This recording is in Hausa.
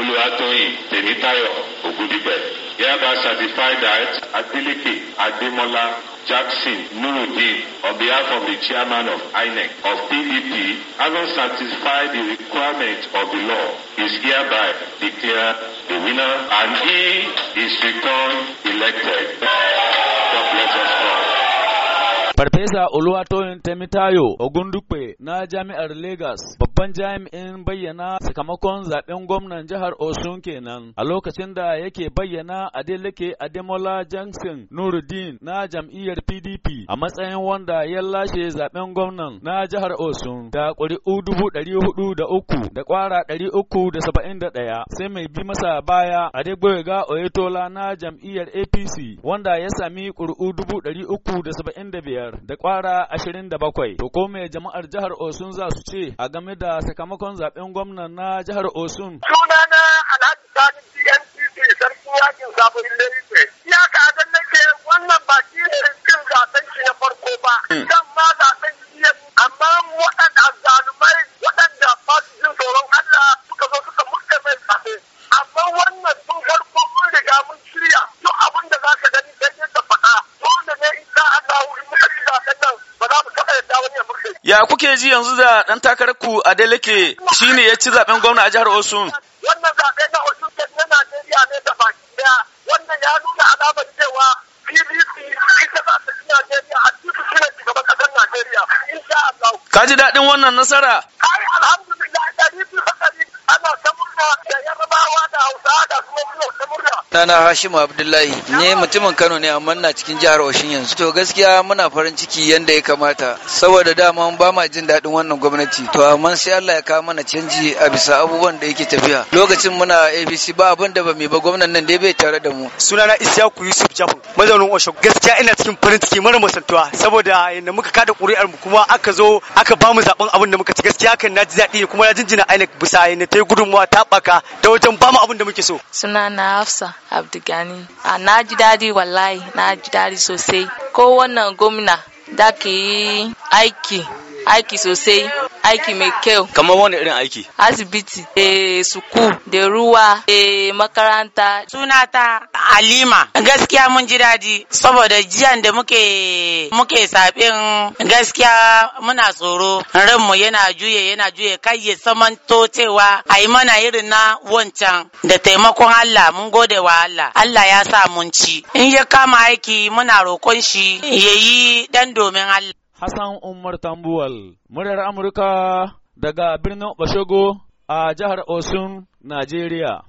Olúwatóyìn Tèmítáyọ̀ Ògúndípẹ̀. Hereby certify that Adeleke Ademola Jackson Nuruddin on behalf of the chairman of INEC of PDP having satisfied the requirement of the law is hereby declared the winner and he is returned elected. God bless us all. Farfesa Oluwatoyin Temitayo Ogundukpe na Jami'ar legas babban jami'in bayyana sakamakon zaben gwamnan jihar Osun kenan a lokacin da yake bayyana Adeleke Ademola Johnson Nuruddin na jam'iyyar PDP a matsayin wanda ya lashe zaben gwamnan na jihar Osun da ƙuri'u dubu ɗari hudu da uku da ƙwara ɗari uku da saba'in da ɗaya sai mai bi masa baya Adegboyega Oyetola na jam'iyyar APC wanda ya sami ƙuri'u dubu ɗari uku da saba'in da biyar da kwara 27 to ko me jama'ar jihar Osun za su ce a game da sakamakon zaben gwamnan na jihar Osun sunana Alhaji Sani DNCC sarkin yakin sabon Lagos ya ka dan nake wannan ba shi ne cin zaben shi na farko ba hmm. zan ma zaben shi amma waɗanda zalumai waɗanda ba su jin tsoron Ya kuke ji yanzu da ɗan takarar ku a Deleke shi ne ya ci zaɓen gwamna a jihar Osun? Wannan zaɓe na Osun na Najeriya ne da baki ɗaya. Wannan ya nuna alamar cewa PDP ita za ta ci Najeriya a cikin shi ne shugaban ƙasar Najeriya. Insha Allah. Ka ji daɗin wannan nasara? Ai alhamdulillah ɗari biyu ana ta murna da Yarbawa da Hausawa da kuma sunana Hashimu Abdullahi ne mutumin Kano ne amma na cikin jihar Oshin yanzu. To gaskiya muna farin ciki yanda ya kamata saboda dama ba ma jin daɗin wannan gwamnati. To amma sai Allah ya kawo mana canji a bisa abubuwan da yake tafiya. Lokacin muna ABC ba abin da ba mu ba gwamnan nan dai bai tare da mu. Sunana Isyaku Yusuf Jafun mazaunin Osho. Gaskiya ina cikin farin ciki mara musantuwa saboda yanda muka kada ƙuri'ar mu kuma aka zo aka ba mu zaben abin da muka ci gaskiya kan na ji daɗi kuma ya jinjina ainihin bisa yanda ta yi gudunmawa ta ɓaka ta wajen ba mu abin da muke so. Sunana Hafsa. abdulgani a na ji daɗi wallahi na ji daɗi sosai ko wannan gwamna da ke aiki aiki sosai aiki mai kyau kamar wani irin aiki asibiti da eh, suku da ruwa da eh, makaranta sunata Alima. gaskiya mun ji daji saboda jiyan da muke muke sabin gaskiya muna tsoro ranmu yana juye yana juye kai ya saman totewa a yi mana irin na wancan da taimakon Allah mun gode wa Allah Allah ya sa mun ci in ya kama aiki muna roƙon shi ya yi dan domin Allah Hassan Umar Tambuwal, muryar Amurka daga birnin Oshogo a jihar Osun, Najeriya.